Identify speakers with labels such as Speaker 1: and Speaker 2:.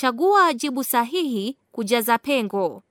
Speaker 1: Chagua jibu sahihi kujaza pengo.